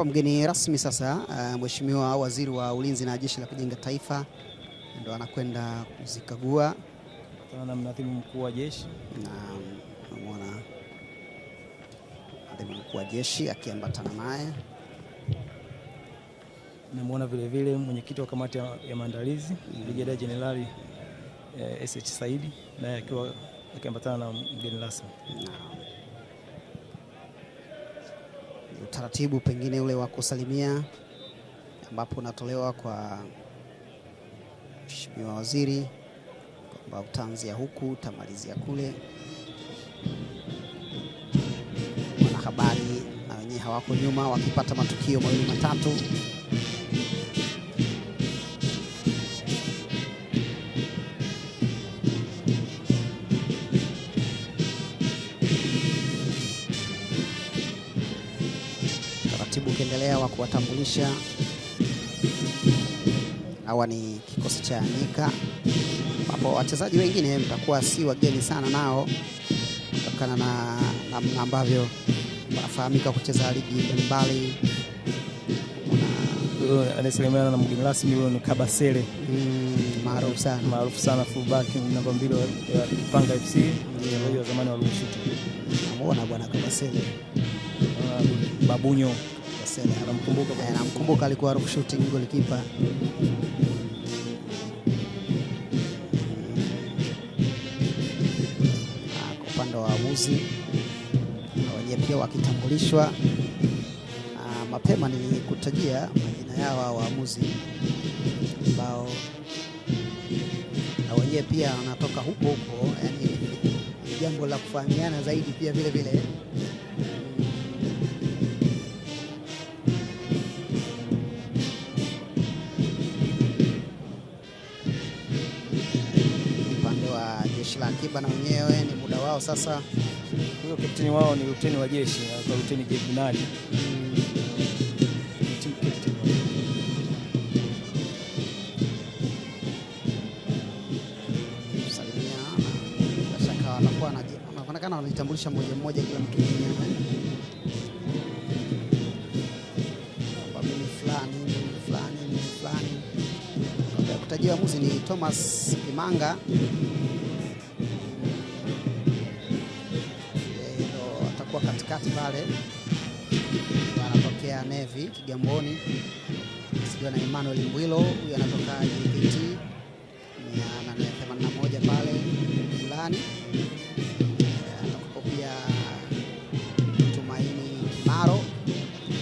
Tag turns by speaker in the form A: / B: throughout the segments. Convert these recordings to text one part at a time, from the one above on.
A: Hapa mgeni rasmi sasa, uh, Mheshimiwa Waziri wa Ulinzi na Jeshi la Kujenga Taifa ndo anakwenda kuzikagua
B: na mnadhimu mkuu wa jeshi
A: na tunamwona mnadhimu mkuu wa jeshi akiambatana naye,
B: namwona vilevile mwenyekiti wa kamati ya, ya maandalizi Brigedia mm. Jenerali eh, SH Saidi naye akiwa akiambatana na mgeni rasmi
A: utaratibu pengine ule wa kusalimia ambapo unatolewa kwa Mheshimiwa Waziri kwamba utaanzia huku utamalizia kule. Wanahabari na wenyewe hawako nyuma, wakipata matukio mawili matatu Utaratibu ukiendelea wa kuwatambulisha hawa ni kikosi cha nika ambapo wachezaji wengine mtakuwa si wageni sana nao kutokana na namna ambavyo wanafahamika kucheza ligi mbalimbali.
B: Anayesalimiana na mgeni rasmi huyo ni Kabasele,
A: mm, maarufu sana
B: maarufu sana fullback namba mbili wa Kipanga FC, wa zamani wa Rushiti.
A: Namuona bwana Kabasele Babunyo Marcel anamkumbuka kwa eh, anamkumbuka, alikuwa shooting goalkeeper ah, kwa upande wa waamuzi wenyewe pia wakitambulishwa ah, mapema, ni kutajia majina yao hao waamuzi ambao na wenyewe pia wanatoka huko huko, yani jambo la kufahamiana zaidi pia vile vile. jeshi la akiba na wenyewe ni muda wao sasa.
B: Huyo kapteni wao ni luteni wa jeshi kwa luteni jenerali hmm.
A: Wanaonekana wanajitambulisha mmoja mmoja, kila mtu fulani fulani. Kutajia muzi ni Thomas Kimanga. katikati pale anatokea Nevi Kigamboni, sijua na Emmanuel Mbwilo, huyu anatoka JKT 81 pale Mlani, atakupo Tumaini Maro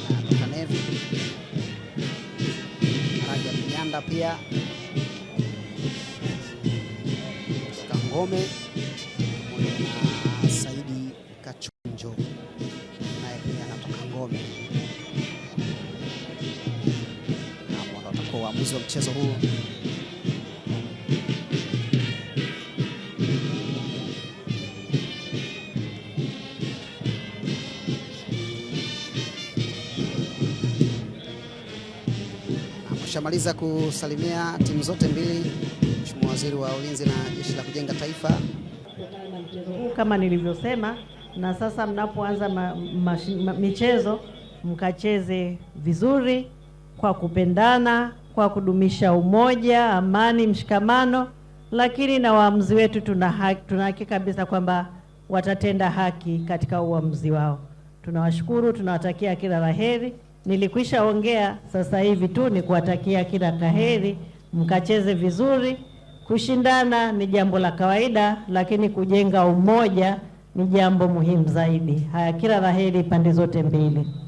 A: anatoka Nevi, Raja Mnyanda pia kutoka Ngome waamuzi wa mchezo huu. Ameshamaliza kusalimia timu zote mbili, Mheshimiwa Waziri wa Ulinzi na Jeshi la Kujenga Taifa.
C: Kama nilivyosema, na sasa mnapoanza ma, ma, ma, michezo mkacheze vizuri kwa kupendana kwa kudumisha umoja, amani, mshikamano, lakini na waamuzi wetu tuna haki, tuna haki kabisa kwamba watatenda haki katika uamuzi wao. Tunawashukuru, tunawatakia kila laheri. Nilikwisha ongea, sasa hivi tu ni kuwatakia kila laheri, mkacheze vizuri. Kushindana ni jambo la kawaida, lakini kujenga umoja ni jambo muhimu zaidi. Haya, kila laheri pande zote mbili.